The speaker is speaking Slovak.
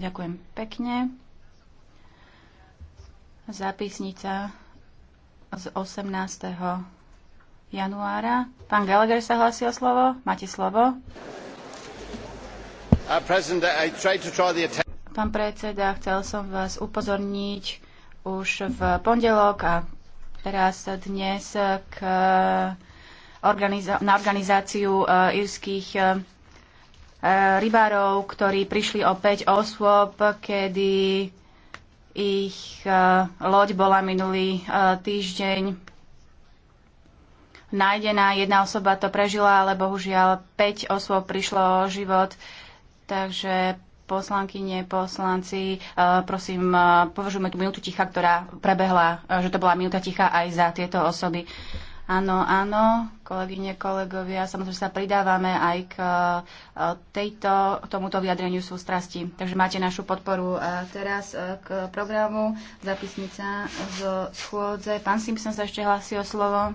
Ďakujem pekne. Zápisnica z 18. januára. Pán Gallagher sa hlási o slovo. Máte slovo. Uh, Pán predseda, chcel som vás upozorniť už v pondelok a teraz dnes k organizo- na organizáciu e, írskych e, e, rybárov, ktorí prišli o 5 osôb, kedy ich loď bola minulý týždeň nájdená. Jedna osoba to prežila, ale bohužiaľ 5 osôb prišlo o život. Takže poslankyne, poslanci, prosím, považujme tú minútu ticha, ktorá prebehla, že to bola minúta ticha aj za tieto osoby. Áno, áno, kolegyne, kolegovia, samozrejme sa pridávame aj k e, tejto, tomuto vyjadreniu sústrasti. Takže máte našu podporu A e, teraz e, k programu. Zapisnica zo schôdze. Pán Simpson sa ešte hlási o slovo.